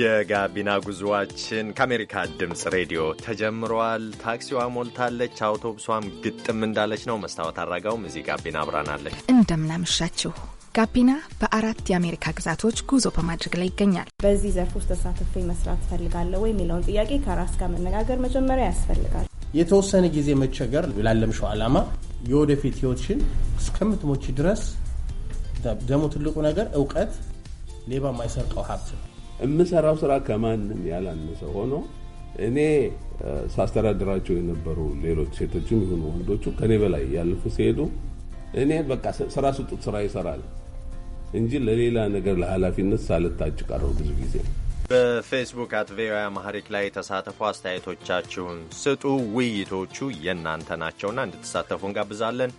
የጋቢና ጉዞዋችን ከአሜሪካ ድምፅ ሬዲዮ ተጀምሯል። ታክሲዋ ሞልታለች፣ አውቶቡሷም ግጥም እንዳለች ነው። መስታወት አድራጋውም እዚህ ጋቢና አብራናለች። እንደምናመሻችሁ። ጋቢና በአራት የአሜሪካ ግዛቶች ጉዞ በማድረግ ላይ ይገኛል። በዚህ ዘርፍ ውስጥ ተሳትፌ መስራት እፈልጋለሁ የሚለውን ጥያቄ ከራስ ጋር መነጋገር መጀመሪያ ያስፈልጋል። የተወሰነ ጊዜ መቸገር ላለምሸው ዓላማ የወደፊት ህይወትሽን እስከምትሞች ድረስ ደግሞ ትልቁ ነገር እውቀት ሌባ የማይሰርቀው ሀብት ነው። የምሰራው ስራ ከማንም ያላነሰ ሆኖ እኔ ሳስተዳድራቸው የነበሩ ሌሎች ሴቶችም ይሁኑ ወንዶቹ ከኔ በላይ ያለፉ ሲሄዱ እኔ በቃ ስራ ስጡት ስራ ይሰራል እንጂ ለሌላ ነገር ለኃላፊነት ሳልታጭ ቀረው ብዙ ጊዜ። በፌስቡክ አት ቪኦኤ አማሪክ ላይ የተሳተፉ አስተያየቶቻችሁን ስጡ። ውይይቶቹ የእናንተ ናቸውና እንድትሳተፉ እንጋብዛለን።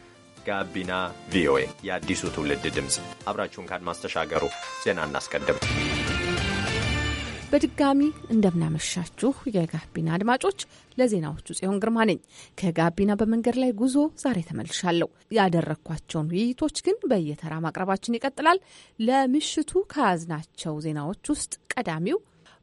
ጋቢና ቪኦኤ የአዲሱ ትውልድ ድምፅ፣ አብራችሁን ካድማስ ተሻገሩ። ዜና እናስቀድም። በድጋሚ እንደምናመሻችሁ የጋቢና አድማጮች፣ ለዜናዎቹ ጽዮን ግርማ ነኝ። ከጋቢና በመንገድ ላይ ጉዞ ዛሬ ተመልሻለሁ። ያደረግኳቸውን ውይይቶች ግን በየተራ ማቅረባችን ይቀጥላል። ለምሽቱ ከያዝናቸው ዜናዎች ውስጥ ቀዳሚው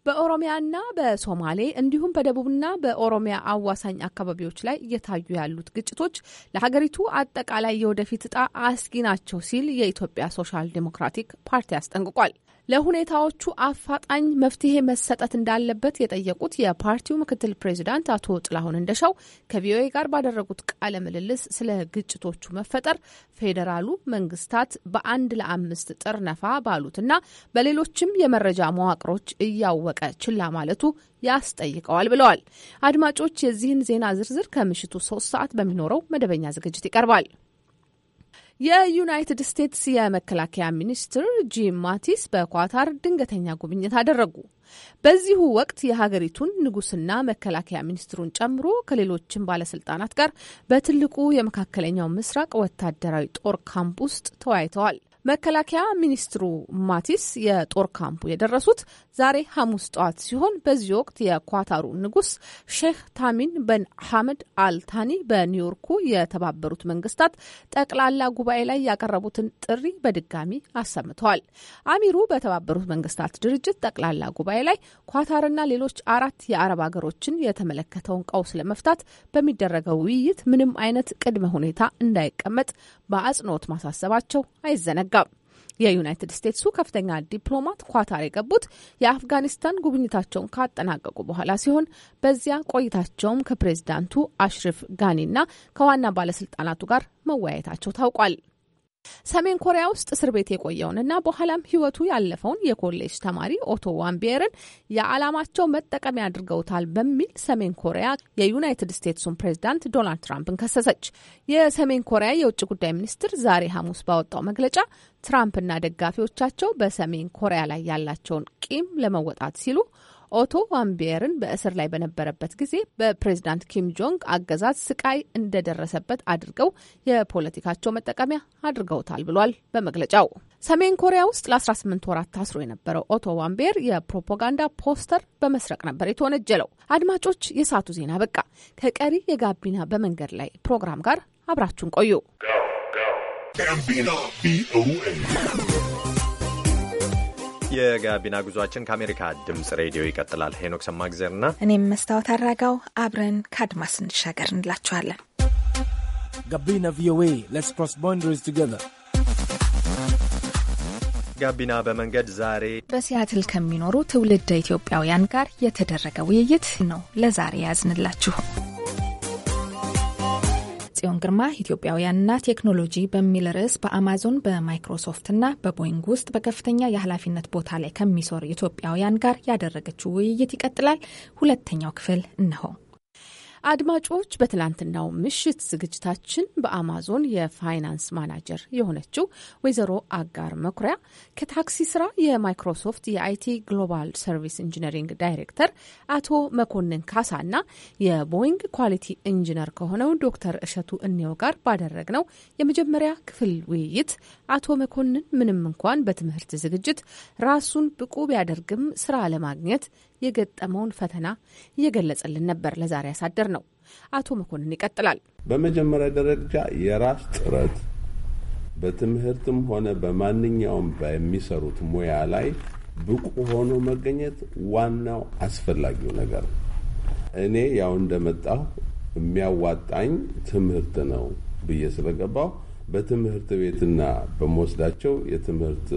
በኦሮሚያና በሶማሌ እንዲሁም በደቡብና በኦሮሚያ አዋሳኝ አካባቢዎች ላይ እየታዩ ያሉት ግጭቶች ለሀገሪቱ አጠቃላይ የወደፊት እጣ አስጊ ናቸው ሲል የኢትዮጵያ ሶሻል ዴሞክራቲክ ፓርቲ አስጠንቅቋል። ለሁኔታዎቹ አፋጣኝ መፍትሄ መሰጠት እንዳለበት የጠየቁት የፓርቲው ምክትል ፕሬዚዳንት አቶ ጥላሁን እንደሻው ከቪኦኤ ጋር ባደረጉት ቃለ ምልልስ ስለ ግጭቶቹ መፈጠር ፌዴራሉ መንግስታት በአንድ ለአምስት ጥር ነፋ ባሉትና በሌሎችም የመረጃ መዋቅሮች እያወቀ ችላ ማለቱ ያስጠይቀዋል ብለዋል። አድማጮች፣ የዚህን ዜና ዝርዝር ከምሽቱ ሶስት ሰዓት በሚኖረው መደበኛ ዝግጅት ይቀርባል። የዩናይትድ ስቴትስ የመከላከያ ሚኒስትር ጂም ማቲስ በኳታር ድንገተኛ ጉብኝት አደረጉ። በዚሁ ወቅት የሀገሪቱን ንጉስና መከላከያ ሚኒስትሩን ጨምሮ ከሌሎችም ባለስልጣናት ጋር በትልቁ የመካከለኛው ምስራቅ ወታደራዊ ጦር ካምፕ ውስጥ ተወያይተዋል። መከላከያ ሚኒስትሩ ማቲስ የጦር ካምፑ የደረሱት ዛሬ ሐሙስ ጠዋት ሲሆን በዚህ ወቅት የኳታሩ ንጉስ ሼህ ታሚን በን ሐመድ አልታኒ በኒውዮርኩ የተባበሩት መንግስታት ጠቅላላ ጉባኤ ላይ ያቀረቡትን ጥሪ በድጋሚ አሰምተዋል። አሚሩ በተባበሩት መንግስታት ድርጅት ጠቅላላ ጉባኤ ላይ ኳታርና ሌሎች አራት የአረብ ሀገሮችን የተመለከተውን ቀውስ ለመፍታት በሚደረገው ውይይት ምንም አይነት ቅድመ ሁኔታ እንዳይቀመጥ በአጽንኦት ማሳሰባቸው አይዘነጋል። የዩናይትድ ስቴትሱ ከፍተኛ ዲፕሎማት ኳታር የገቡት የአፍጋኒስታን ጉብኝታቸውን ካጠናቀቁ በኋላ ሲሆን በዚያ ቆይታቸውም ከፕሬዚዳንቱ አሽሪፍ ጋኒና ከዋና ባለስልጣናቱ ጋር መወያየታቸው ታውቋል። ሰሜን ኮሪያ ውስጥ እስር ቤት የቆየውንና በኋላም ሕይወቱ ያለፈውን የኮሌጅ ተማሪ ኦቶ ዋንቢየርን የዓላማቸው መጠቀሚያ አድርገውታል በሚል ሰሜን ኮሪያ የዩናይትድ ስቴትሱን ፕሬዚዳንት ዶናልድ ትራምፕን ከሰሰች። የሰሜን ኮሪያ የውጭ ጉዳይ ሚኒስትር ዛሬ ሐሙስ ባወጣው መግለጫ ትራምፕና ደጋፊዎቻቸው በሰሜን ኮሪያ ላይ ያላቸውን ቂም ለመወጣት ሲሉ ኦቶ ዋንቢየርን በእስር ላይ በነበረበት ጊዜ በፕሬዝዳንት ኪም ጆንግ አገዛዝ ስቃይ እንደደረሰበት አድርገው የፖለቲካቸው መጠቀሚያ አድርገውታል ብሏል በመግለጫው። ሰሜን ኮሪያ ውስጥ ለ18 ወራት ታስሮ የነበረው ኦቶ ዋምቤር የፕሮፓጋንዳ ፖስተር በመስረቅ ነበር የተወነጀለው። አድማጮች፣ የሰዓቱ ዜና በቃ። ከቀሪ የጋቢና በመንገድ ላይ ፕሮግራም ጋር አብራችሁን ቆዩ። የጋቢና ጉዟችን ከአሜሪካ ድምጽ ሬዲዮ ይቀጥላል። ሄኖክ ሰማግዜርና እኔም መስታወት አራጋው አብረን ከአድማስ እንሻገር እንላችኋለን። ጋቢና ቪኦኤ ሌትስ ክሮስ ቦንደሪስ ቱጌዘር ጋቢና በመንገድ ዛሬ በሲያትል ከሚኖሩ ትውልደ ኢትዮጵያውያን ጋር የተደረገ ውይይት ነው ለዛሬ ያዝንላችሁ። ጽዮን ግርማ ኢትዮጵያውያንና ቴክኖሎጂ በሚል ርዕስ በአማዞን በማይክሮሶፍትና በቦይንግ ውስጥ በከፍተኛ የኃላፊነት ቦታ ላይ ከሚሰሩ ኢትዮጵያውያን ጋር ያደረገችው ውይይት ይቀጥላል። ሁለተኛው ክፍል እነሆ። አድማጮች በትላንትናው ምሽት ዝግጅታችን በአማዞን የፋይናንስ ማናጀር የሆነችው ወይዘሮ አጋር መኩሪያ ከታክሲ ስራ የማይክሮሶፍት የአይቲ ግሎባል ሰርቪስ ኢንጂነሪንግ ዳይሬክተር አቶ መኮንን ካሳና የቦይንግ ኳሊቲ ኢንጂነር ከሆነው ዶክተር እሸቱ እኔው ጋር ባደረግነው የመጀመሪያ ክፍል ውይይት አቶ መኮንን ምንም እንኳን በትምህርት ዝግጅት ራሱን ብቁ ቢያደርግም ስራ ለማግኘት የገጠመውን ፈተና እየገለጸልን ነበር። ለዛሬ ያሳደር ነው። አቶ መኮንን ይቀጥላል። በመጀመሪያ ደረጃ የራስ ጥረት በትምህርትም ሆነ በማንኛውም በሚሰሩት ሙያ ላይ ብቁ ሆኖ መገኘት ዋናው አስፈላጊው ነገር ነው። እኔ ያው እንደመጣሁ የሚያዋጣኝ ትምህርት ነው ብዬ ስለገባሁ በትምህርት ቤትና በመወስዳቸው የትምህርት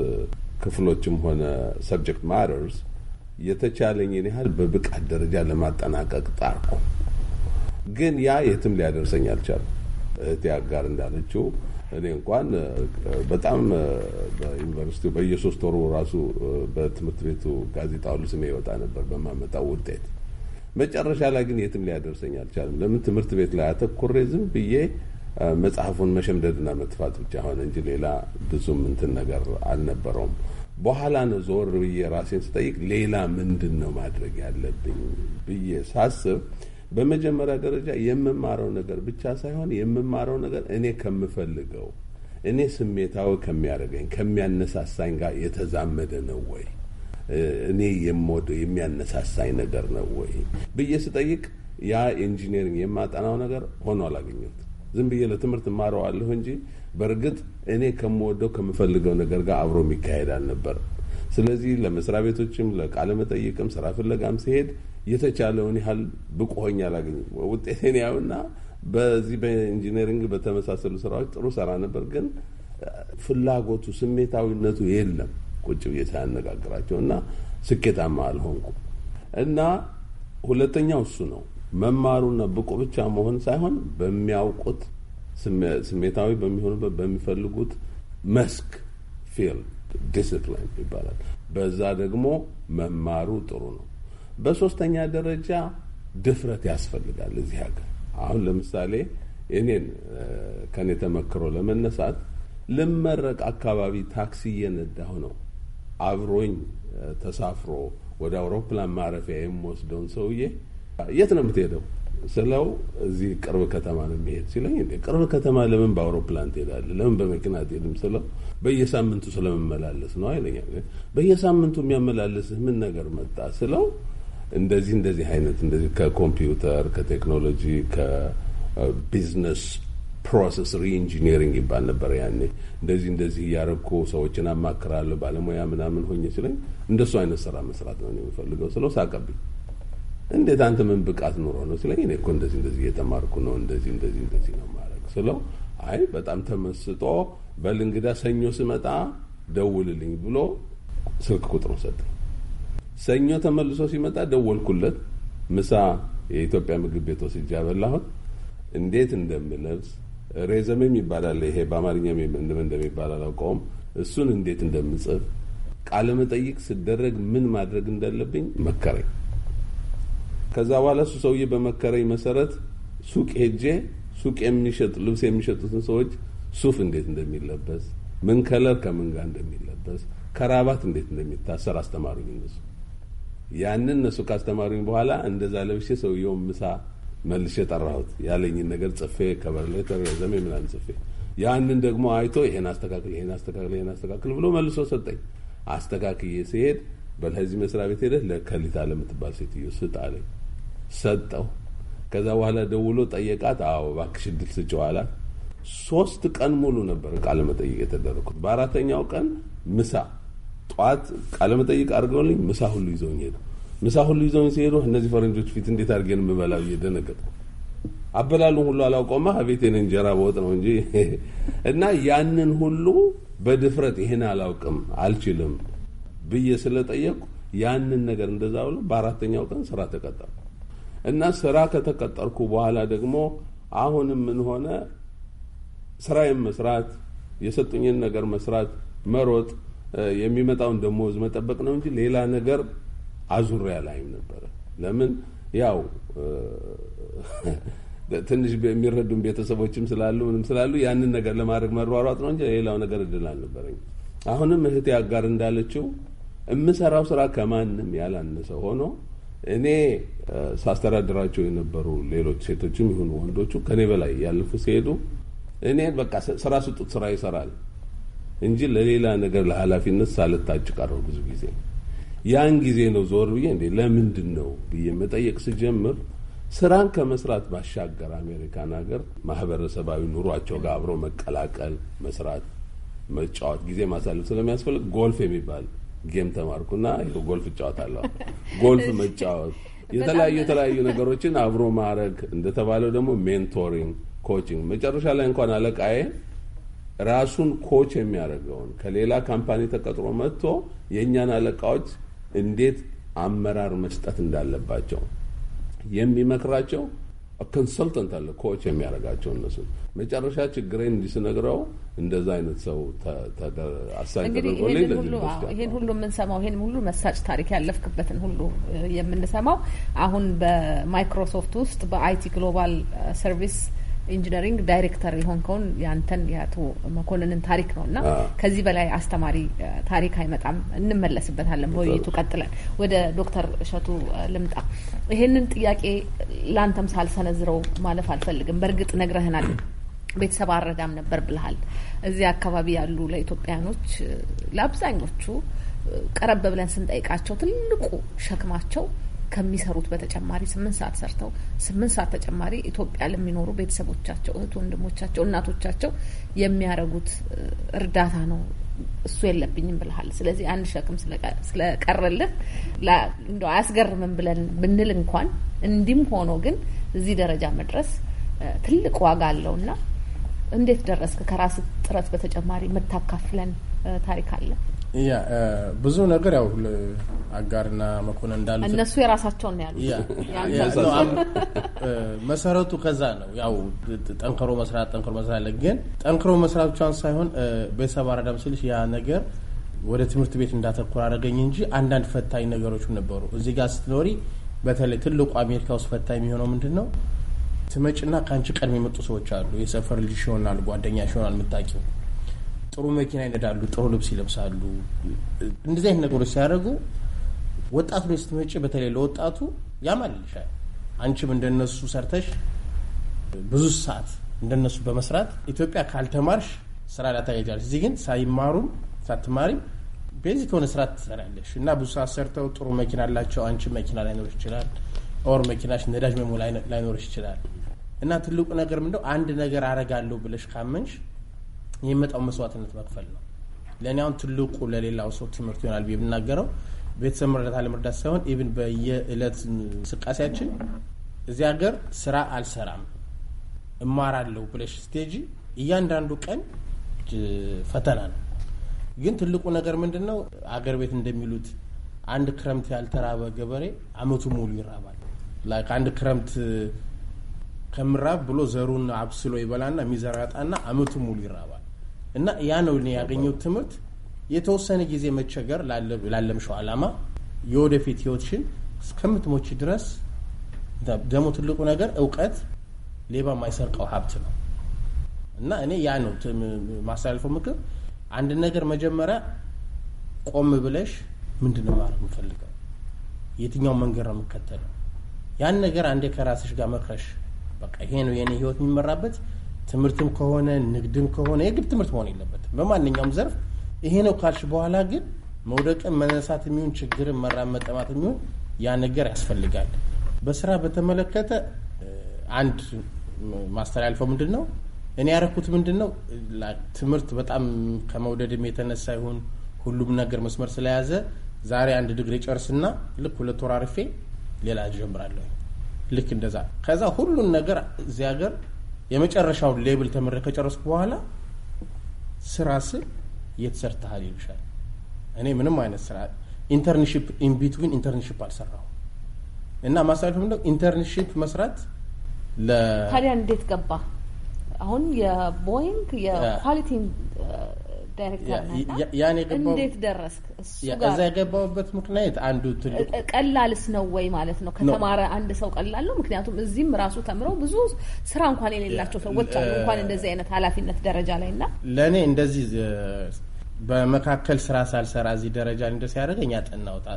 ክፍሎችም ሆነ ሰብጀክት ማተርስ የተቻለኝን ያህል በብቃት ደረጃ ለማጠናቀቅ ጣርኩ። ግን ያ የትም ሊያደርሰኝ አልቻለም። እህቴ አጋር እንዳለችው እኔ እንኳን በጣም በዩኒቨርሲቲ በየሶስት ወሩ ራሱ በትምህርት ቤቱ ጋዜጣ ሁሉ ስሜ ይወጣ ነበር በማመጣው ውጤት። መጨረሻ ላይ ግን የትም ሊያደርሰኝ አልቻለም። ለምን ትምህርት ቤት ላይ አተኩሬ ዝም ብዬ መጽሐፉን መሸምደድና መጥፋት ብቻ ሆነ እንጂ ሌላ ብዙም እንትን ነገር አልነበረውም። በኋላ ነው ዞር ብዬ ራሴን ስጠይቅ ሌላ ምንድን ነው ማድረግ ያለብኝ ብዬ ሳስብ በመጀመሪያ ደረጃ የምማረው ነገር ብቻ ሳይሆን የምማረው ነገር እኔ ከምፈልገው እኔ ስሜታዊ ከሚያደርገኝ ከሚያነሳሳኝ ጋር የተዛመደ ነው ወይ እኔ የምወደው የሚያነሳሳኝ ነገር ነው ወይ ብዬ ስጠይቅ ያ ኢንጂነሪንግ የማጠናው ነገር ሆኖ አላገኘሁት። ዝም ብዬ ለትምህርት እማረዋለሁ እንጂ በእርግጥ እኔ ከምወደው ከምፈልገው ነገር ጋር አብሮ የሚካሄድ አልነበር። ስለዚህ ለመስሪያ ቤቶችም ለቃለመጠይቅም መጠይቅም ስራ ፍለጋም ሲሄድ የተቻለውን ያህል ብቁ ሆኜ አላገኝም። ውጤቴን ያውና በዚህ በኢንጂነሪንግ በተመሳሰሉ ስራዎች ጥሩ ሰራ ነበር፣ ግን ፍላጎቱ ስሜታዊነቱ የለም። ቁጭ ብዬ ሳያነጋግራቸው እና ስኬታማ አልሆንኩም እና ሁለተኛው እሱ ነው። መማሩና ብቁ ብቻ መሆን ሳይሆን በሚያውቁት ስሜታዊ በሚሆኑበት በሚፈልጉት መስክ ፊልድ ዲስፕሊን ይባላል። በዛ ደግሞ መማሩ ጥሩ ነው። በሶስተኛ ደረጃ ድፍረት ያስፈልጋል። እዚህ ሀገር አሁን ለምሳሌ እኔን ከኔ ተመክሮ ለመነሳት ልመረቅ አካባቢ ታክሲ እየነዳሁ ነው። አብሮኝ ተሳፍሮ ወደ አውሮፕላን ማረፊያ የሚወስደውን ሰውዬ የት ነው የምትሄደው ስለው እዚህ ቅርብ ከተማ ነው የሚሄድ ሲለኝ፣ ቅርብ ከተማ ለምን በአውሮፕላን ትሄዳለ? ለምን በመኪና ትሄድም? ስለው በየሳምንቱ ስለመመላለስ ነው አይለኛል። በየሳምንቱ የሚያመላለስህ ምን ነገር መጣ ስለው እንደዚህ እንደዚህ አይነት እንደዚህ ከኮምፒውተር ከቴክኖሎጂ ከቢዝነስ ፕሮሰስ ሪኢንጂኒሪንግ ይባል ነበር ያኔ። እንደዚህ እንደዚህ እያረግኩ ሰዎችን አማክራለሁ ባለሙያ ምናምን ሆኜ ሲለኝ እንደሱ አይነት ስራ መስራት ነው የምፈልገው ስለው ሳቀብኝ። እንዴት አንተ ምን ብቃት ኑሮ ነው ስለኝ፣ እኔ እኮ እንደዚህ እንደዚህ እየተማርኩ ነው እንደዚህ እንደዚህ እንደዚህ ነው ማድረግ ስለው፣ አይ በጣም ተመስጦ በል እንግዳ ሰኞ ስመጣ ደውልልኝ ብሎ ስልክ ቁጥሩን ሰጠ። ሰኞ ተመልሶ ሲመጣ ደወልኩለት። ምሳ የኢትዮጵያ ምግብ ቤት ወስጄ አበላሁት። እንዴት እንደምለብስ ሬዘሜ የሚባላል ይሄ በአማርኛ እንደሚባል አላውቀውም። እሱን እንዴት እንደምጽፍ ቃለ መጠይቅ ስደረግ ምን ማድረግ እንዳለብኝ መከረኝ። ከዛ በኋላ እሱ ሰውዬ በመከረኝ መሰረት ሱቅ ሄጄ ሱቅ የሚሸጡ ልብስ የሚሸጡትን ሰዎች ሱፍ እንዴት እንደሚለበስ ምን ከለር ከምን ጋር እንደሚለበስ ከራባት እንዴት እንደሚታሰር አስተማሩኝ። እነሱ ያንን እነሱ ካስተማሩኝ በኋላ እንደዛ ለብሼ ሰውየውን ምሳ መልሼ ጠራሁት። ያለኝን ነገር ጽፌ ከበር ሌተር ዘሜ ምናምን ጽፌ ያንን ደግሞ አይቶ ይሄን አስተካክል፣ ይሄን አስተካክል፣ ይሄን አስተካክል ብሎ መልሶ ሰጠኝ። አስተካክዬ ሲሄድ በለዚህ መስሪያ ቤት ሄደህ ለከሊታ ለምትባል ሴትዮ ስጥ አለኝ። ሰጠው። ከዛ በኋላ ደውሎ ጠየቃት። አዎ እባክሽ እድል ስጪው አላት። ሶስት ቀን ሙሉ ነበር ቃለመጠይቅ የተደረኩት። በአራተኛው ቀን ምሳ ጠዋት ቃለመጠይቅ አድርገውልኝ ምሳ ሁሉ ይዘውኝ ሄዱ። ምሳ ሁሉ ይዘውኝ ሲሄዱ እነዚህ ፈረንጆች ፊት እንዴት አድርገን የምበላው እየደነገጥኩ አበላሉን ሁሉ አላውቀውማ ቤቴን እንጀራ በወጥ ነው እንጂ እና ያንን ሁሉ በድፍረት ይሄን አላውቅም አልችልም ብዬ ስለጠየቅኩ ያንን ነገር እንደዛ ብሎ በአራተኛው ቀን ስራ ተቀጣሁ። እና ስራ ከተቀጠርኩ በኋላ ደግሞ አሁንም ምን ሆነ ስራዬን መስራት የሰጡኝን ነገር መስራት፣ መሮጥ፣ የሚመጣውን ደሞዝ መጠበቅ ነው እንጂ ሌላ ነገር አዙሬ አላይም ነበረ። ለምን ያው ትንሽ የሚረዱን ቤተሰቦችም ስላሉ ምንም ስላሉ ያንን ነገር ለማድረግ መሯሯጥ ነው እንጂ ሌላው ነገር እድል አልነበረኝ። አሁንም እህቴ አጋር እንዳለችው የምሰራው ስራ ከማንም ያላነሰ ሆኖ እኔ ሳስተዳድራቸው የነበሩ ሌሎች ሴቶችም ይሁን ወንዶቹ ከኔ በላይ ያለፉ ሲሄዱ እኔ በቃ ስራ ስጡት ስራ ይሰራል እንጂ ለሌላ ነገር ለኃላፊነት ሳልታጭ ቀረው ብዙ ጊዜ። ያን ጊዜ ነው ዞር ብዬ እንዴ ለምንድን ነው ብዬ መጠየቅ ስጀምር ስራን ከመስራት ባሻገር አሜሪካን ሀገር ማህበረሰባዊ ኑሯቸው ጋር አብሮ መቀላቀል፣ መስራት፣ መጫወት፣ ጊዜ ማሳለፍ ስለሚያስፈልግ ጎልፍ የሚባል ጌም ተማርኩና ጎልፍ እጫወታለሁ። ጎልፍ መጫወት የተለያዩ የተለያዩ ነገሮችን አብሮ ማድረግ እንደተባለው ደግሞ ሜንቶሪንግ፣ ኮቺንግ መጨረሻ ላይ እንኳን አለቃዬ ራሱን ኮች የሚያደርገውን ከሌላ ካምፓኒ ተቀጥሮ መጥቶ የእኛን አለቃዎች እንዴት አመራር መስጠት እንዳለባቸው የሚመክራቸው ኮንሰልተንት አለ ኮች የሚያደርጋቸው እነሱ መጨረሻ ችግሬን እንዲስነግረው እንደዛ አይነት ሰው አሳኝ ይህን ሁሉ የምንሰማው ይሄን ሁሉ መሳጭ ታሪክ ያለፍክበትን ሁሉ የምንሰማው አሁን በማይክሮሶፍት ውስጥ በአይቲ ግሎባል ሰርቪስ ኢንጂነሪንግ ዳይሬክተር የሆንከውን ያንተን የአቶ መኮንንን ታሪክ ነው እና ከዚህ በላይ አስተማሪ ታሪክ አይመጣም። እንመለስበታለን በውይይቱ ቀጥለን። ወደ ዶክተር እሸቱ ልምጣ። ይሄንን ጥያቄ ለአንተም ሳልሰነዝረው ማለፍ አልፈልግም። በእርግጥ ነግረህናል። ቤተሰብ አረዳም ነበር ብልሃል። እዚህ አካባቢ ያሉ ለኢትዮጵያኖች ለአብዛኞቹ ቀረብ ብለን ስንጠይቃቸው ትልቁ ሸክማቸው ከሚሰሩት በተጨማሪ ስምንት ሰዓት ሰርተው ስምንት ሰዓት ተጨማሪ ኢትዮጵያ ለሚኖሩ ቤተሰቦቻቸው፣ እህት ወንድሞቻቸው፣ እናቶቻቸው የሚያደርጉት እርዳታ ነው። እሱ የለብኝም ብልሃል። ስለዚህ አንድ ሸክም ስለቀረልህ እንደ አያስገርምም ብለን ብንል እንኳን እንዲም ሆኖ ግን እዚህ ደረጃ መድረስ ትልቅ ዋጋ እና እንዴት ደረስክ? ከራስ ጥረት በተጨማሪ የምታካፍለን ታሪክ አለ? ያ ብዙ ነገር ያው አጋርና መኮንን እንዳሉት እነሱ የራሳቸውን ያሉ መሰረቱ ከዛ ነው። ያው ጠንክሮ መስራት ጠንክሮ መስራት አለ። ግን ጠንክሮ መስራት ብቻን ሳይሆን ቤተሰብ አረዳም ስልሽ ያ ነገር ወደ ትምህርት ቤት እንዳተኩር አደረገኝ እንጂ አንዳንድ ፈታኝ ነገሮች ነበሩ። እዚህ ጋር ስትኖሪ በተለይ ትልቁ አሜሪካ ውስጥ ፈታኝ የሚሆነው ምንድን ነው? ትመጭና ከአንቺ ቀድሞ የመጡ ሰዎች አሉ። የሰፈር ልጅ ይሆናል፣ ጓደኛ ይሆናል የምታውቂው ጥሩ መኪና ይነዳሉ፣ ጥሩ ልብስ ይለብሳሉ። እንደዚህ አይነት ነገሮች ሲያደርጉ ወጣቱ ላይ ስትመጪ በተለይ ለወጣቱ ያማልልሻል። አንቺም እንደነሱ ሰርተሽ ብዙ ሰዓት እንደነሱ በመስራት ኢትዮጵያ ካልተማርሽ ስራ ላታገጃለሽ። እዚህ ግን ሳይማሩም ሳትማሪም ቤዚክ የሆነ ስራ ትሰራለሽ እና ብዙ ሰዓት ሰርተው ጥሩ መኪና አላቸው። አንቺ መኪና ላይኖርሽ ይችላል፣ ኦር መኪናሽ ነዳጅ መሞ ላይኖርሽ ይችላል። እና ትልቁ ነገር ምንደው አንድ ነገር አረጋለሁ ብለሽ ካመንሽ የሚመጣው መስዋዕትነት መክፈል ነው። ለእኔ አሁን ትልቁ ለሌላው ሰው ትምህርት ይሆናል ብዬ የምናገረው ቤተሰብ መረዳት አለመርዳት ሳይሆን ኢቭን በየዕለት እንቅስቃሴያችን እዚህ ሀገር ስራ አልሰራም እማራለሁ ብለሽ ስቴጂ እያንዳንዱ ቀን ፈተና ነው። ግን ትልቁ ነገር ምንድን ነው? አገር ቤት እንደሚሉት አንድ ክረምት ያልተራበ ገበሬ አመቱ ሙሉ ይራባል። ላይክ አንድ ክረምት ከምራብ ብሎ ዘሩን አብስሎ ይበላና የሚዘራጣና አመቱ ሙሉ ይራባል። እና ያ ነው እኔ ትምህርት። የተወሰነ ጊዜ መቸገር ላለምሸው አላማ የወደፊት ህይወትሽን እስከምትሞች ድረስ ደግሞ ትልቁ ነገር እውቀት ሌባ የማይሰርቀው ሀብት ነው እና እኔ ያ ነው ማስተላልፈው ምክር። አንድ ነገር መጀመሪያ ቆም ብለሽ ምንድን ነው ማድረግ የምፈልገው፣ የትኛውን መንገድ ነው የምከተለው፣ ያን ነገር አንዴ ከራስሽ ጋር መክረሽ በቃ ይሄ ነው የኔ ህይወት የሚመራበት ትምህርትም ከሆነ ንግድም ከሆነ የግድ ትምህርት መሆን የለበትም። በማንኛውም ዘርፍ ይሄ ነው ካልሽ በኋላ ግን መውደቅን መነሳት የሚሆን ችግርን መራም መጠማት የሚሆን ያ ነገር ያስፈልጋል። በስራ በተመለከተ አንድ ማስተላልፈው ምንድን ነው እኔ ያረኩት ምንድን ነው ትምህርት በጣም ከመውደድም የተነሳ ይሁን ሁሉም ነገር መስመር ስለያዘ ዛሬ አንድ ዲግሪ ጨርስና ልክ ሁለት ወር አርፌ ሌላ ጀምራለሁ። ልክ እንደዛ ከዛ ሁሉን ነገር እዚህ ሀገር የመጨረሻውን ሌብል ተምሬ ከጨረስኩ በኋላ ስራ ስል የት ሰርተሃል ይልሻል። እኔ ምንም አይነት ስራ ኢንተርንሽፕ ኢንቢትዊን ኢንተርንሽፕ አልሰራሁም እና ማሳለፍ ምንደ ኢንተርንሽፕ መስራት ለታዲያ እንዴት ገባ? አሁን የቦይንግ የኳሊቲ ዳይሬክተር እንዴት ደረስክ? እዛ የገባሁበት ምክንያት አንዱ ትልቁ ቀላልስ ነው ወይ ማለት ነው። ከተማረ አንድ ሰው ቀላል ነው። ምክንያቱም እዚህም ራሱ ተምረው ብዙ ስራ እንኳን የሌላቸው ሰዎች አሉ፣ እንኳን እንደዚህ አይነት ኃላፊነት ደረጃ ላይ እና ለእኔ እንደዚህ በመካከል ስራ ሳልሰራ እዚህ ደረጃ እንደ ሲያደርገኝ ውጣ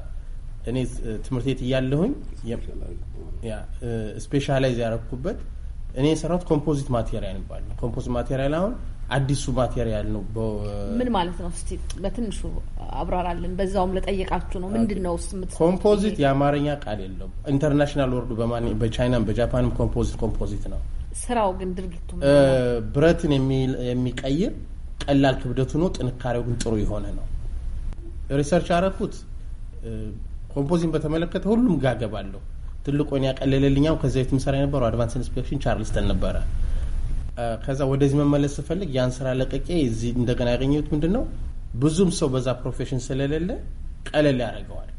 እኔ ትምህርት ቤት እያለሁኝ ስፔሻላይዝ ያደረግኩበት እኔ የሰራሁት ኮምፖዚት ማቴሪያል ይባላል። ኮምፖዚት ማቴሪያል አሁን አዲሱ ማቴሪያል ነው። ምን ማለት ነው? እስቲ በትንሹ አብራራለን። በዛውም ለጠየቃችሁ ነው ምንድን ነው ኮምፖዚት? የአማርኛ ቃል የለውም። ኢንተርናሽናል ወርዱ በቻይናም በጃፓንም ኮምፖዚት ኮምፖዚት ነው ስራው። ግን ድርጊቱ ብረትን የሚቀይር ቀላል ክብደቱ ነው። ጥንካሬው ግን ጥሩ የሆነ ነው። ሪሰርች አረኩት። ኮምፖዚን በተመለከተ ሁሉም ጋገባለሁ። ትልቁን ያቀለለልኛው ከዚ ቤት ምሰራ የነበረው አድቫንስ ኢንስፔክሽን ቻርልስተን ነበረ። ከዛ ወደዚህ መመለስ ስፈልግ ያን ስራ ለቀቄ እዚህ እንደገና ያገኘሁት ምንድን ነው ብዙም ሰው በዛ ፕሮፌሽን ስለሌለ ቀለል ያደርገዋል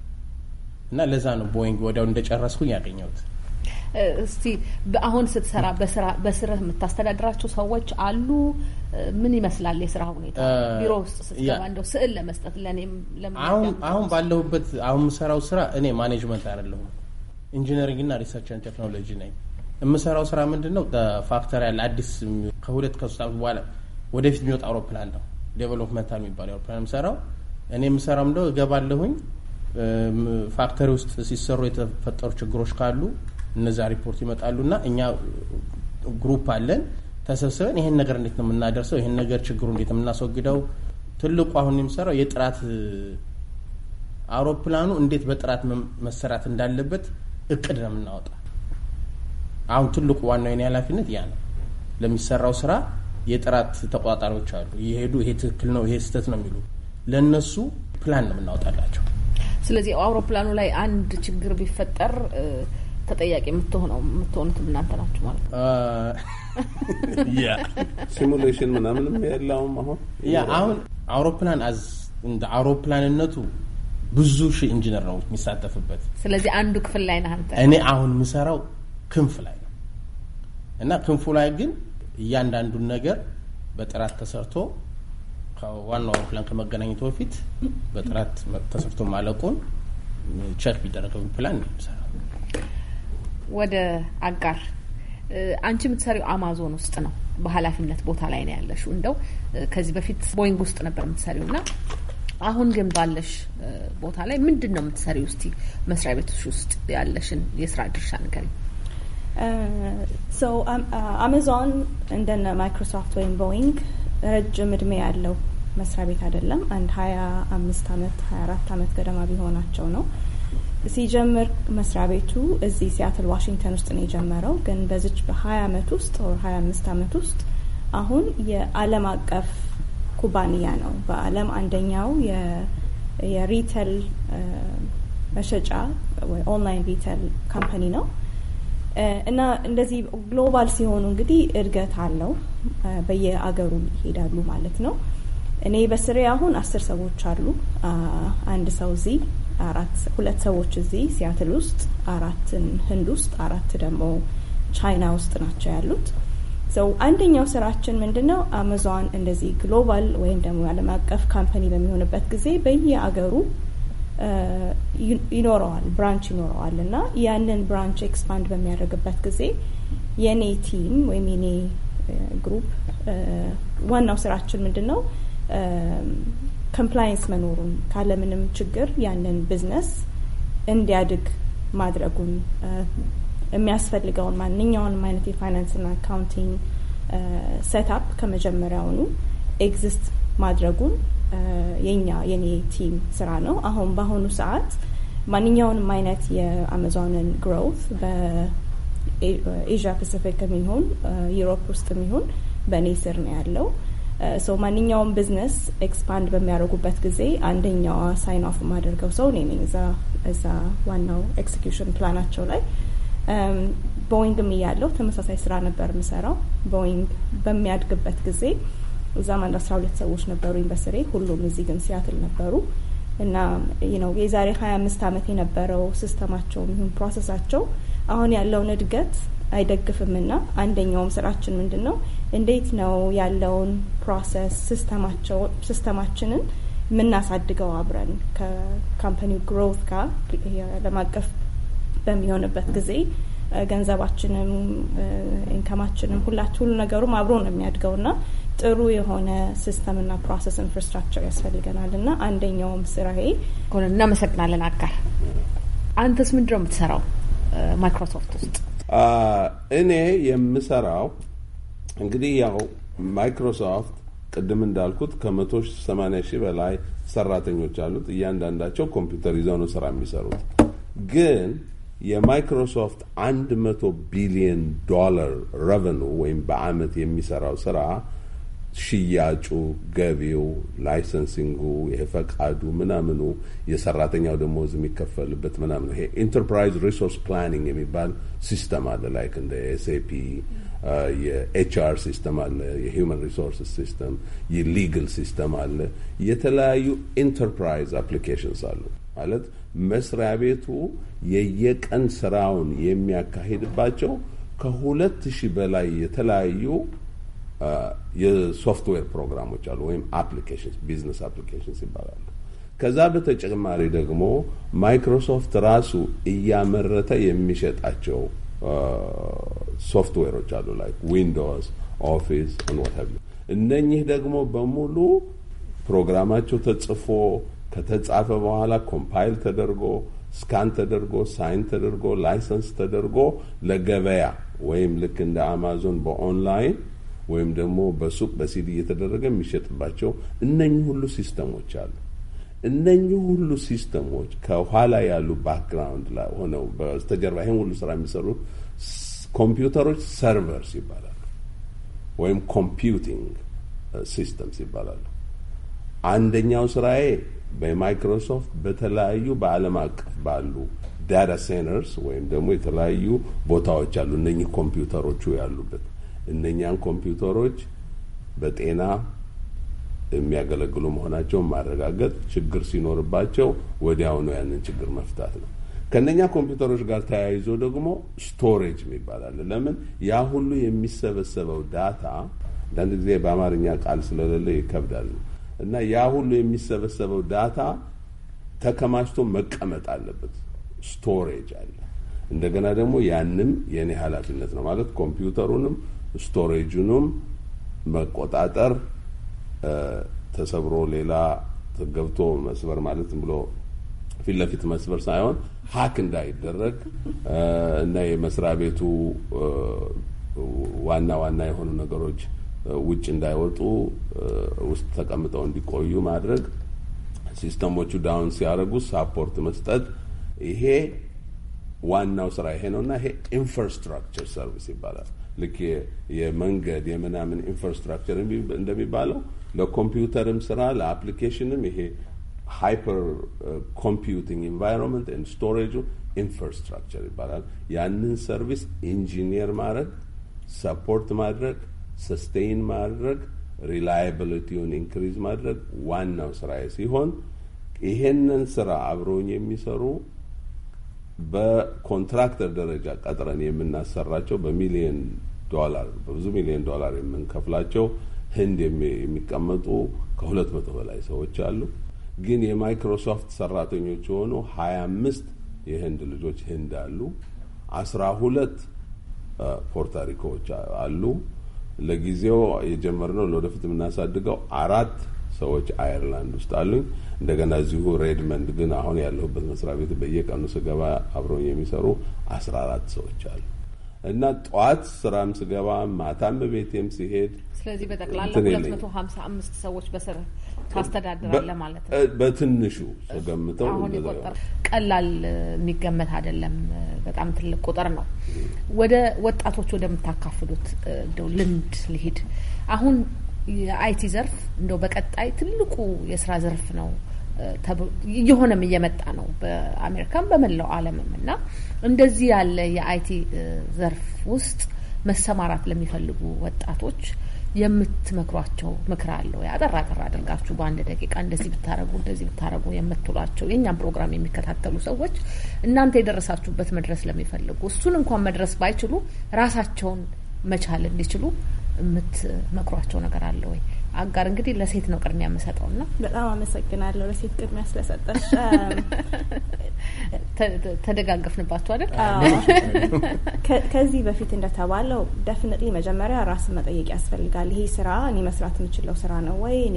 እና ለዛ ነው ቦይንግ ወዲያው እንደጨረስኩኝ ያገኘሁት። እስቲ አሁን ስትሰራ በስራ የምታስተዳድራቸው ሰዎች አሉ? ምን ይመስላል የስራ ሁኔታ ቢሮ ውስጥ ስትገባ? እንደው ስዕል ለመስጠት ለእኔም አሁን ባለሁበት አሁን የምሰራው ስራ እኔ ማኔጅመንት አይደለሁም፣ ኢንጂነሪንግ እና ሪሰርች ቴክኖሎጂ ነኝ። የምሰራው ስራ ምንድን ነው? ፋክተሪ ያለ አዲስ ከሁለት ከሶስት ዓመት በኋላ ወደፊት የሚወጣ አውሮፕላን ነው። ዴቨሎፕመንታል የሚባል አውሮፕላን የምሰራው እኔ የምሰራው እንደው እገባለሁኝ ፋክተሪ ውስጥ ሲሰሩ የተፈጠሩ ችግሮች ካሉ እነዛ ሪፖርት ይመጣሉና እኛ ግሩፕ አለን ተሰብስበን ይሄን ነገር እንዴት ነው የምናደርሰው? ይሄን ነገር ችግሩ እንዴት ነው የምናስወግደው? ትልቁ አሁን የሚሰራው የጥራት አውሮፕላኑ እንዴት በጥራት መሰራት እንዳለበት እቅድ ነው የምናወጣ። አሁን ትልቁ ዋናው የኔ ኃላፊነት ያ ነው። ለሚሰራው ስራ የጥራት ተቆጣጣሪዎች አሉ። የሄዱ ይሄ ትክክል ነው፣ ይሄ ስህተት ነው የሚሉ ለእነሱ ፕላን ነው የምናወጣላቸው። ስለዚህ አውሮፕላኑ ላይ አንድ ችግር ቢፈጠር ተጠያቂ የምትሆነው የምትሆኑት እናንተ ናችሁ ማለት ነው። ሲሙሌሽን ምናምንም የለውም። አሁን ያ አሁን አውሮፕላን አዝ እንደ አውሮፕላንነቱ ብዙ ሺህ ኢንጂነር ነው የሚሳተፍበት። ስለዚህ አንዱ ክፍል ላይ ነህ አንተ። እኔ አሁን የምሰራው ክንፍ ላይ ነው እና ክንፉ ላይ ግን እያንዳንዱን ነገር በጥራት ተሰርቶ ከዋናው አውሮፕላን ከመገናኘቱ በፊት በጥራት ተሰርቶ ማለቁን ቸክ ቢደረገው ፕላን ወደ አጋር አንቺ የምትሰሪው አማዞን ውስጥ ነው፣ በኃላፊነት ቦታ ላይ ነው ያለሽው። እንደው ከዚህ በፊት ቦይንግ ውስጥ ነበር የምትሰሪው እና አሁን ግን ባለሽ ቦታ ላይ ምንድን ነው የምትሰሪው? እስቲ መስሪያ ቤቶች ውስጥ ያለሽን የስራ ድርሻ ንገሪኝ። አሜዞን እንደነ ማይክሮሶፍት ወይም ቦይንግ ረጅም እድሜ ያለው መስሪያ ቤት አይደለም። አንድ ሀያ አምስት አመት ሀያ አራት አመት ገደማ ቢሆናቸው ነው። ሲጀምር መስሪያ ቤቱ እዚህ ሲያትል ዋሽንግተን ውስጥ ነው የጀመረው። ግን በዚች በሀያ አመት ውስጥ ወር ሀያ አምስት አመት ውስጥ አሁን የዓለም አቀፍ ኩባንያ ነው። በዓለም አንደኛው የሪተል መሸጫ ወይ ኦንላይን ሪተል ካምፓኒ ነው። እና እንደዚህ ግሎባል ሲሆኑ እንግዲህ እድገት አለው በየአገሩ ይሄዳሉ ማለት ነው። እኔ በስሬ አሁን አስር ሰዎች አሉ። አንድ ሰው እዚህ ሁለት ሰዎች እዚህ ሲያትል ውስጥ አራትን ህንድ ውስጥ አራት ደግሞ ቻይና ውስጥ ናቸው ያሉት። ሰው አንደኛው ስራችን ምንድን ነው? አመዛን እንደዚህ ግሎባል ወይም ደግሞ ዓለም አቀፍ ካምፓኒ በሚሆንበት ጊዜ በየአገሩ ይኖረዋል፣ ብራንች ይኖረዋል እና ያንን ብራንች ኤክስፓንድ በሚያደርግበት ጊዜ የእኔ ቲም ወይም የኔ ግሩፕ ዋናው ስራችን ምንድን ነው ኮምፕላይንስ መኖሩን ካለምንም ችግር ያንን ቢዝነስ እንዲያድግ ማድረጉን የሚያስፈልገውን ማንኛውንም አይነት የፋይናንስና አካውንቲንግ ሴት አፕ ከመጀመሪያውኑ ኤግዚስት ማድረጉን የኛ የኔ ቲም ስራ ነው። አሁን በአሁኑ ሰዓት ማንኛውንም አይነት የአማዞንን ግሮውት በኤዥያ ፓሲፊክ የሚሆን ዩሮፕ ውስጥ የሚሆን በእኔ ስር ነው ያለው። ሰው ማንኛውም ቢዝነስ ኤክስፓንድ በሚያደርጉበት ጊዜ አንደኛዋ ሳይን ኦፍ የማደርገው ሰው እኔ ነኝ። እዛ ዋናው ኤክሲኪዩሽን ፕላናቸው ላይ ቦይንግም እያለው ተመሳሳይ ስራ ነበር የምሰራው። ቦይንግ በሚያድግበት ጊዜ እዛም አንድ አስራ ሁለት ሰዎች ነበሩ በስሬ ሁሉም እዚህ ግን ሲያትል ነበሩ እና ነው የዛሬ ሀያ አምስት አመት የነበረው ሲስተማቸው ይሁን ፕሮሰሳቸው አሁን ያለውን እድገት አይደግፍም እና አንደኛውም ስራችን ምንድን ነው እንዴት ነው ያለውን ፕሮሰስ ሲስተማችንን የምናሳድገው አብረን ከካምፓኒው ግሮውት ጋር ዓለም አቀፍ በሚሆንበት ጊዜ ገንዘባችንም ኢንከማችንም ሁላችሁ ሁሉ ነገሩም አብሮ ነው የሚያድገው ና ጥሩ የሆነ ሲስተምና ፕሮሰስ ኢንፍራስትራክቸር ያስፈልገናል እና አንደኛውም ስራዬ ሆነ። እናመሰግናለን። አጋር አንተስ ምንድን ነው የምትሰራው ማይክሮሶፍት ውስጥ? እኔ የምሰራው እንግዲህ ያው ማይክሮሶፍት ቅድም እንዳልኩት ከመቶ ሰማንያ ሺህ በላይ ሰራተኞች አሉት። እያንዳንዳቸው ኮምፒውተር ይዘው ነው ስራ የሚሰሩት። ግን የማይክሮሶፍት አንድ መቶ ቢሊዮን ዶላር ረቨኑ ወይም በአመት የሚሰራው ስራ ሽያጩ፣ ገቢው፣ ላይሰንሲንጉ፣ ይሄ ፈቃዱ ምናምኑ፣ የሰራተኛው ደሞዝ የሚከፈልበት ምናምኑ ይሄ ኢንተርፕራይዝ ሪሶርስ ፕላኒንግ የሚባል ሲስተም አለ። ላይክ እንደ ኤስኤፒ uh, የኤችአር ሲስተም አለ፣ የሂውማን ሪሶርስ ሲስተም፣ የሊግል ሲስተም አለ። የተለያዩ ኢንተርፕራይዝ አፕሊኬሽንስ አሉ ማለት መስሪያ ቤቱ የየቀን ስራውን የሚያካሂድባቸው ከሁለት ሺህ በላይ የተለያዩ የሶፍትዌር ፕሮግራሞች አሉ ወይም አፕሊኬሽንስ ቢዝነስ አፕሊኬሽንስ ይባላሉ። ከዛ በተጨማሪ ደግሞ ማይክሮሶፍት ራሱ እያመረተ የሚሸጣቸው ሶፍትዌሮች አሉ ላይክ ዊንዶውስ፣ ኦፊስ እንወተብ እነኚህ ደግሞ በሙሉ ፕሮግራማቸው ተጽፎ ከተጻፈ በኋላ ኮምፓይል ተደርጎ ስካን ተደርጎ ሳይን ተደርጎ ላይሰንስ ተደርጎ ለገበያ ወይም ልክ እንደ አማዞን በኦንላይን ወይም ደግሞ በሱቅ በሲዲ እየተደረገ የሚሸጥባቸው እነኚህ ሁሉ ሲስተሞች አሉ። እነኚህ ሁሉ ሲስተሞች ከኋላ ያሉ ባክግራውንድ ሆነው በስተጀርባ ይህን ሁሉ ስራ የሚሰሩ ኮምፒውተሮች ሰርቨርስ ይባላሉ፣ ወይም ኮምፒውቲንግ ሲስተምስ ይባላሉ። አንደኛው ስራዬ በማይክሮሶፍት በተለያዩ በዓለም አቀፍ ባሉ ዳታ ሴንተርስ ወይም ደግሞ የተለያዩ ቦታዎች አሉ እነኚህ ኮምፒውተሮቹ ያሉበት እነኛን ኮምፒውተሮች በጤና የሚያገለግሉ መሆናቸውን ማረጋገጥ፣ ችግር ሲኖርባቸው ወዲያውኑ ያንን ችግር መፍታት ነው። ከነኛ ኮምፒውተሮች ጋር ተያይዞ ደግሞ ስቶሬጅ የሚባል አለ። ለምን ያ ሁሉ የሚሰበሰበው ዳታ አንዳንድ ጊዜ በአማርኛ ቃል ስለሌለ ይከብዳል እና ያ ሁሉ የሚሰበሰበው ዳታ ተከማችቶ መቀመጥ አለበት። ስቶሬጅ አለ። እንደገና ደግሞ ያንም የኔ ኃላፊነት ነው ማለት ኮምፒውተሩንም ስቶሬጁንም መቆጣጠር ተሰብሮ ሌላ ገብቶ መስበር ማለት ብሎ ፊት ለፊት መስበር ሳይሆን ሀክ እንዳይደረግ እና የመስሪያ ቤቱ ዋና ዋና የሆኑ ነገሮች ውጭ እንዳይወጡ ውስጥ ተቀምጠው እንዲቆዩ ማድረግ፣ ሲስተሞቹ ዳውን ሲያደርጉ ሳፖርት መስጠት፣ ይሄ ዋናው ስራ ይሄ ነው እና ይሄ ኢንፍራስትራክቸር ሰርቪስ ይባላል። ልክ የመንገድ የምናምን ኢንፍራስትራክቸር እንደሚባለው ለኮምፒውተርም ስራ ለአፕሊኬሽንም ይሄ ሃይፐር ኮምፒውቲንግ ኢንቫይሮንመንት ስቶሬጁ ኢንፍራስትራክቸር ይባላል። ያንን ሰርቪስ ኢንጂኒየር ማድረግ፣ ሰፖርት ማድረግ፣ ሰስቴይን ማድረግ፣ ሪላያብሊቲውን ኢንክሪዝ ማድረግ ዋናው ስራዬ ሲሆን ይሄንን ስራ አብረውኝ የሚሰሩ በኮንትራክተር ደረጃ ቀጥረን የምናሰራቸው በሚሊየን ዶላር በብዙ ሚሊዮን ዶላር የምንከፍላቸው ህንድ የሚቀመጡ ከሁለት መቶ በላይ ሰዎች አሉ። ግን የማይክሮሶፍት ሰራተኞች የሆኑ ሀያ አምስት የህንድ ልጆች ህንድ አሉ። አስራ ሁለት ፖርታሪኮዎች አሉ። ለጊዜው የጀመርነው ለወደፊት የምናሳድገው አራት ሰዎች አየርላንድ ውስጥ አሉኝ። እንደገና እዚሁ ሬድመንድ ግን አሁን ያለሁበት መስሪያ ቤት በየቀኑ ስገባ አብረውኝ የሚሰሩ አስራ አራት ሰዎች አሉ። እና ጠዋት ስራም ስገባ ማታም ቤቴም ሲሄድ ስለዚህ በጠቅላላ ሁለት መቶ ሀምሳ አምስት ሰዎች በስር ታስተዳድራለህ ማለት ነው። በትንሹ ገምተው ቀላል የሚገመት አይደለም። በጣም ትልቅ ቁጥር ነው። ወደ ወጣቶች ወደምታካፍሉት እንደው ልምድ ልሂድ። አሁን የአይቲ ዘርፍ እንደው በቀጣይ ትልቁ የስራ ዘርፍ ነው እየሆነም እየመጣ ነው በአሜሪካም በመላው ዓለምም እና እንደዚህ ያለ የአይቲ ዘርፍ ውስጥ መሰማራት ለሚፈልጉ ወጣቶች የምትመክሯቸው ምክር አለው? አጠራ ጠራ አድርጋችሁ በአንድ ደቂቃ እንደዚህ ብታረጉ እንደዚህ ብታረጉ የምትሏቸው የእኛም ፕሮግራም የሚከታተሉ ሰዎች እናንተ የደረሳችሁበት መድረስ ለሚፈልጉ እሱን እንኳን መድረስ ባይችሉ ራሳቸውን መቻል እንዲችሉ የምትመክሯቸው ነገር አለ ወይ? አጋር እንግዲህ ለሴት ነው ቅድሚያ የምሰጠው ና በጣም አመሰግናለሁ። ለሴት ቅድሚያ ስለሰጠች ተደጋገፍንባቸው አይደል? ከዚህ በፊት እንደተባለው ደፍንጤ መጀመሪያ ራስን መጠየቅ ያስፈልጋል። ይሄ ስራ እኔ መስራት የምችለው ስራ ነው ወይ? እኔ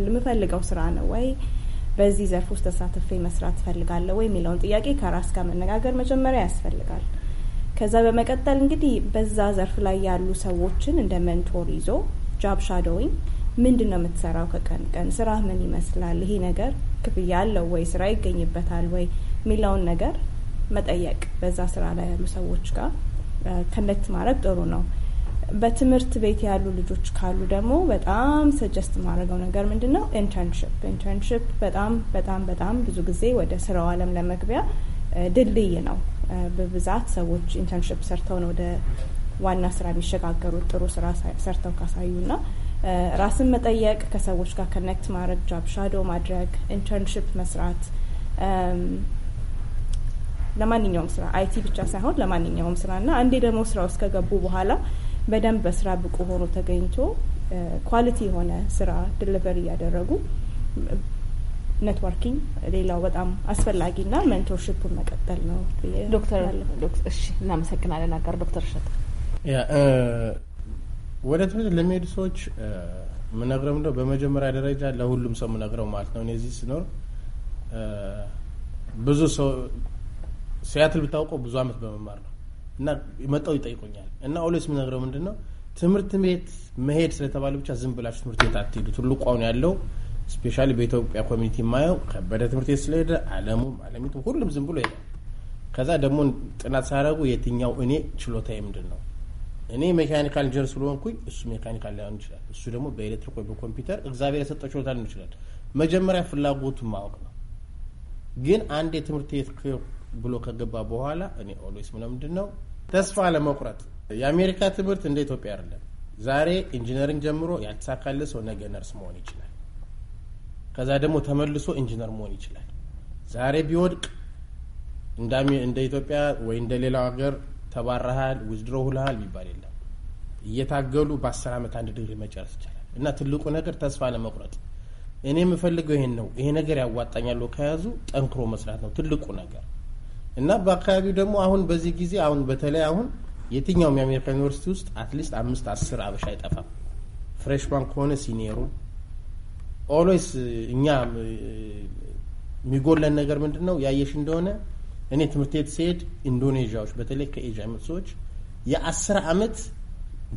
የምፈልገው ስራ ነው ወይ? በዚህ ዘርፍ ውስጥ ተሳትፌ መስራት ፈልጋለሁ ወይ የሚለውን ጥያቄ ከራስ ጋር መነጋገር መጀመሪያ ያስፈልጋል። ከዛ በመቀጠል እንግዲህ በዛ ዘርፍ ላይ ያሉ ሰዎችን እንደ መንቶር ይዞ ጃብ ሻዶዊንግ ምንድን ነው የምትሰራው? ከቀን ቀን ስራ ምን ይመስላል? ይሄ ነገር ክፍያ አለው ወይ? ስራ ይገኝበታል ወይ? የሚለውን ነገር መጠየቅ በዛ ስራ ላይ ያሉ ሰዎች ጋር ከኔክት ማድረግ ጥሩ ነው። በትምህርት ቤት ያሉ ልጆች ካሉ ደግሞ በጣም ሰጀስት ማድረገው ነገር ምንድን ነው ኢንተርንሽፕ። ኢንተርንሽፕ በጣም በጣም በጣም ብዙ ጊዜ ወደ ስራው አለም ለመግቢያ ድልድይ ነው። በብዛት ሰዎች ኢንተርንሽፕ ሰርተው ነው ወደ ዋና ስራ ቢሸጋገሩ ጥሩ ስራ ሰርተው ካሳዩ ና ራስን መጠየቅ፣ ከሰዎች ጋር ከነክት ማድረግ፣ ጃብ ሻዶ ማድረግ፣ ኢንተርንሽፕ መስራት ለማንኛውም ስራ አይቲ ብቻ ሳይሆን ለማንኛውም ስራ እና አንዴ ደግሞ ስራ ውስጥ ከገቡ በኋላ በደንብ በስራ ብቁ ሆኖ ተገኝቶ ኳሊቲ የሆነ ስራ ድሊቨሪ እያደረጉ ኔትወርኪንግ ሌላው በጣም አስፈላጊና ሜንቶርሽፑን መቀጠል ነው። ዶክተር እሺ፣ እናመሰግናለን። አጋር ዶክተር እሸት ወደ ትምህርት ለሚሄዱ ሰዎች ምነግረው እንደው በመጀመሪያ ደረጃ ለሁሉም ሰው ምነግረው ማለት ነው። እዚህ ስኖር ብዙ ሰው ሲያትል ብታውቀው ብዙ አመት በመማር ነው እና መጣው ይጠይቁኛል እና ኦልዌስ ምነግረው ምንድን ነው ትምህርት ቤት መሄድ ስለተባለ ብቻ ዝም ብላችሁ ትምህርት ቤት አትሄዱ። ትልቁ አሁን ያለው ስፔሻሊ በኢትዮጵያ ኮሚኒቲ የማየው ከበደ ትምህርት ቤት ስለሄደ አለሙም አለሚቱ ሁሉም ዝም ብሎ ሄዳል። ከዛ ደግሞ ጥናት ሳያደርጉ የትኛው እኔ ችሎታዬ ምንድን ነው እኔ ሜካኒካል ኢንጂነር ስለሆንኩኝ እሱ ሜካኒካል ሊሆን ይችላል። እሱ ደግሞ በኤሌክትሪክ ወይ በኮምፒውተር እግዚአብሔር የሰጠው ችሎታ ሊሆን ይችላል። መጀመሪያ ፍላጎቱን ማወቅ ነው። ግን አንድ የትምህርት ቤት ብሎ ከገባ በኋላ እኔ ኦልዌይስ ምለ ምንድን ነው ተስፋ ለመቁረጥ የአሜሪካ ትምህርት እንደ ኢትዮጵያ አይደለም። ዛሬ ኢንጂነሪንግ ጀምሮ ያልተሳካለ ሰው ነገ ነርስ መሆን ይችላል። ከዛ ደግሞ ተመልሶ ኢንጂነር መሆን ይችላል። ዛሬ ቢወድቅ እንደ ኢትዮጵያ ወይ እንደ ሌላው ሀገር ተባረሃል፣ ውዝድሮ ሁልሃል የሚባል የለም። እየታገሉ በአስር ዓመት አንድ ድግሪ መጨረስ ይቻላል። እና ትልቁ ነገር ተስፋ ለመቁረጥ እኔ የምፈልገው ይሄን ነው። ይሄ ነገር ያዋጣኛለሁ ከያዙ ጠንክሮ መስራት ነው ትልቁ ነገር እና በአካባቢው ደግሞ አሁን በዚህ ጊዜ አሁን በተለይ አሁን የትኛውም የአሜሪካ ዩኒቨርሲቲ ውስጥ አትሊስት አምስት አስር አበሻ አይጠፋም። ፍሬሽማን ከሆነ ሲኒየሩ ኦልዌይስ እኛ የሚጎለን ነገር ምንድን ነው ያየሽ እንደሆነ እኔ ትምህርት ቤት ሲሄድ ኢንዶኔዥያዎች በተለይ ከኤዥያ የመጡ ሰዎች የአስር አመት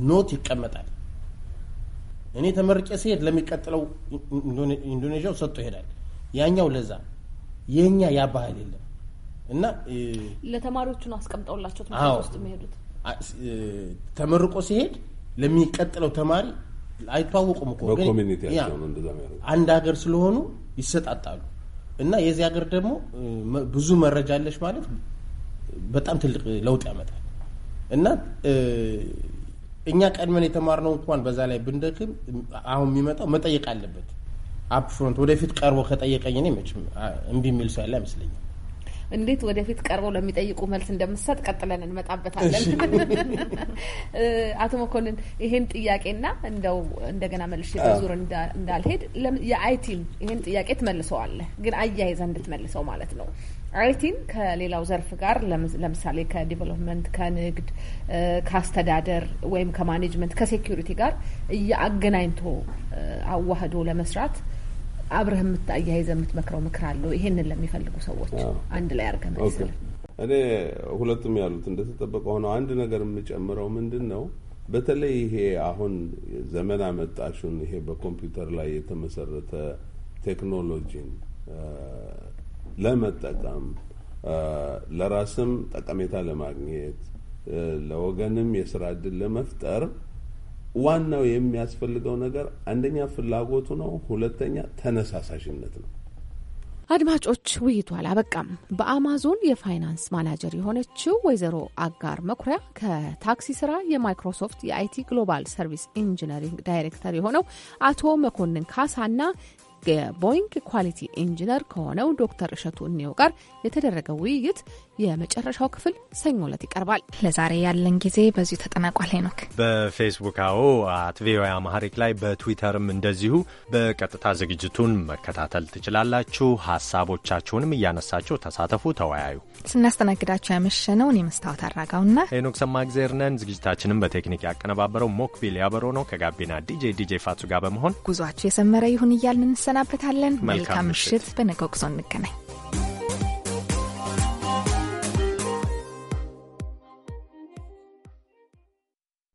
ኖት ይቀመጣል። እኔ ተመርቄ ሲሄድ ለሚቀጥለው ኢንዶኔዥያው ሰጥቶ ይሄዳል። ያኛው ለዛ የኛ ያ ባህል የለም እና ለተማሪዎቹን አስቀምጠውላቸው ትምህርት ውስጥ የሚሄዱት ተመርቆ ሲሄድ ለሚቀጥለው ተማሪ አይተዋወቁም እኮ አንድ ሀገር ስለሆኑ ይሰጣጣሉ። እና የዚህ ሀገር ደግሞ ብዙ መረጃ አለች ማለት በጣም ትልቅ ለውጥ ያመጣል እና እኛ ቀድመን የተማርነው እንኳን በዛ ላይ ብንደክም አሁን የሚመጣው መጠየቅ አለበት። አፕፍሮንት ወደፊት ቀርቦ ከጠየቀኝ እኔ መቼም እምቢ የሚል ሰው ያለ አይመስለኝም። እንዴት ወደፊት ቀርበው ለሚጠይቁ መልስ እንደምትሰጥ ቀጥለን እንመጣበታለን። አቶ መኮንን ይሄን ጥያቄና እንደው እንደገና መልሼ በዙር እንዳልሄድ የአይቲን ይሄን ጥያቄ ትመልሰዋለህ፣ ግን አያይዘ እንድትመልሰው ማለት ነው። አይቲን ከሌላው ዘርፍ ጋር ለምሳሌ ከዲቨሎፕመንት፣ ከንግድ፣ ከአስተዳደር ወይም ከማኔጅመንት፣ ከሴኪሪቲ ጋር እየአገናኝቶ አዋህዶ ለመስራት አብረህ የምታያይዘ የምትመክረው ምክር አለው? ይሄንን ለሚፈልጉ ሰዎች አንድ ላይ አርገ እኔ ሁለቱም ያሉት እንደተጠበቀ ሆነው አንድ ነገር የምጨምረው ምንድን ነው በተለይ ይሄ አሁን ዘመን አመጣሹን ይሄ በኮምፒውተር ላይ የተመሰረተ ቴክኖሎጂን ለመጠቀም ለራስም ጠቀሜታ ለማግኘት ለወገንም የስራ እድል ለመፍጠር ዋናው የሚያስፈልገው ነገር አንደኛ ፍላጎቱ ነው፣ ሁለተኛ ተነሳሳሽነት ነው። አድማጮች፣ ውይይቱ አላበቃም። በአማዞን የፋይናንስ ማናጀር የሆነችው ወይዘሮ አጋር መኩሪያ ከታክሲ ስራ የማይክሮሶፍት የአይቲ ግሎባል ሰርቪስ ኢንጂነሪንግ ዳይሬክተር የሆነው አቶ መኮንን ካሳና የቦይንግ ኳሊቲ ኢንጂነር ከሆነው ዶክተር እሸቱ እኔው ጋር የተደረገው ውይይት የመጨረሻው ክፍል ሰኞ ዕለት ይቀርባል። ለዛሬ ያለን ጊዜ በዚሁ ተጠናቋል። ሄኖክ በፌስቡክ አዎ አት ቪኦኤ አማሪክ ላይ በትዊተርም እንደዚሁ በቀጥታ ዝግጅቱን መከታተል ትችላላችሁ። ሀሳቦቻችሁንም እያነሳችሁ ተሳተፉ፣ ተወያዩ። ስናስተናግዳችሁ ያመሸነው እኔ መስታወት አራጋውና ሄኖክ ሰማእግዜር ነን። ዝግጅታችንም በቴክኒክ ያቀነባበረው ሞክቢል ያበሮ ነው። ከጋቢና ዲጄ ዲጄ ፋቱ ጋር በመሆን ጉዟችሁ የሰመረ ይሁን እያልን እንሰናበታለን። መልካም ምሽት። በነገው ጉዞ እንገናኝ።